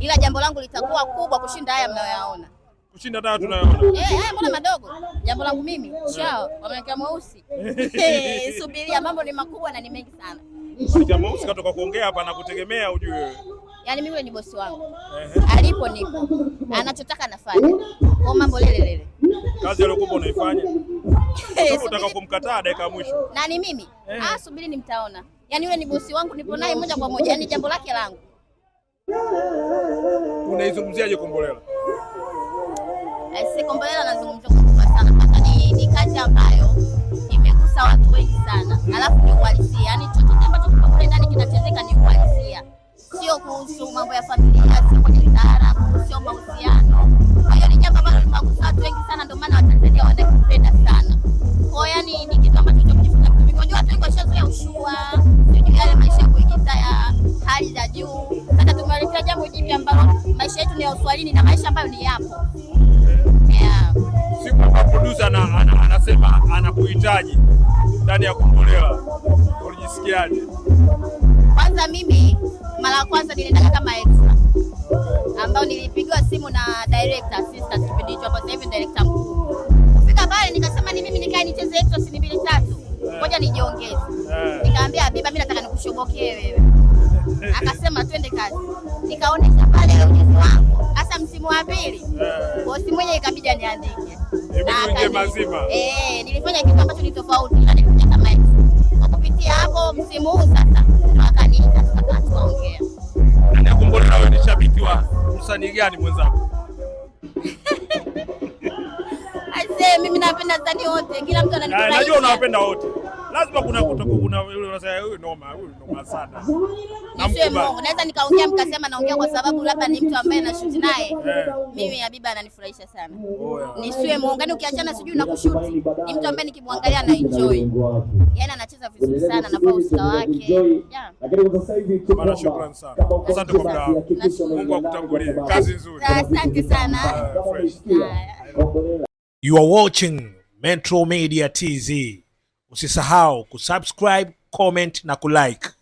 ila jambo langu litakuwa kubwa kushinda haya mnayoyaona. Kushinda haya tunayoona, eh, haya eh, mbona madogo? Jambo langu mimi chao wamewekea mweusi. Subiria, mambo ni makubwa na ni mengi sana. Mweusi katoka kuongea hapa na kutegemea ujue wewe. Yaani mimi ni bosi wangu alipo, nipo anachotaka nafanya kwa mambo lele lele. Kazi aliyokuwa unaifanya unataka kumkataa dakika ya mwisho nani mimi? Eh. Ah, subiri nimtaona. mtaona. Yaani yule ni bosi wangu, nipo naye moja kwa moja, yaani jambo lake langu mnaizungumziaje Kombolela? Eh, Kombolela nazungumzia kubwa sana, hata ni kati ambayo imegusa watu wengi sana, alafu ni uhalisia, yaani chochote ambacho kule ndani kinachezeka ni uhalisia, sio kuhusu mambo ya familia, sio kwenye taarabu, sio mahusiano. Kwa hiyo ni jambo ambalo limegusa watu wengi sana, ndio maana Watanzania wanakipenda sana. Kwa hiyo yani ni kitu ambacho watu wengi washazoea ushua, sijui yale maisha ya kuigiza ya hali za juu hakuna jambo jipya ambalo maisha yetu ni ya uswahilini na maisha ambayo ni yapo siku kwa producer ana, ana, anasema anakuhitaji ndani ya Kombolela, ulijisikiaje? Kwanza mimi mara ya kwanza nilienda kama extra, ambao nilipigiwa simu na director assistant kipindi hicho, ambao sasa hivi director mkuu. Fika pale nikasema ni mimi nikae nicheze extra sini mbili tatu, ngoja nijiongeze. Eh. Nikaambia Habiba, mimi nataka nikushobokee wewe akasema twende kazi, nikaonesha pale ujuzi wangu hasa. Msimu wa pili eh. bosi mwenye ikabidi aniandike Eh, nilifanya kitu ambacho ni tofauti kama hivi. kupitia hapo msimu huu sasa wakaniita tukaongea. Na kumbona wewe ni shabiki wa msanii gani mwenzako? mimi napenda wote, kila mtu eh, Najua unawapenda wote lazima kuna kuna yule unasema noma noma sana. Naweza nikaongea mkasema naongea kwa sababu labda ni mtu ambaye na shoot naye yeah. Mimi Habiba ananifurahisha sana oh, yeah. Nisiwe mwongo, yaani ukiachana sijui na kushoot. ni mtu ambaye nikimwangalia na enjoy, yaani anacheza vizuri sana na kwa usika wake yeah. Mara shukrani sana, asante kwa muda wako, Mungu akutangulie, kazi nzuri, asante sana. You are watching Metro Media TV. Usisahau kusubscribe, comment na kulike.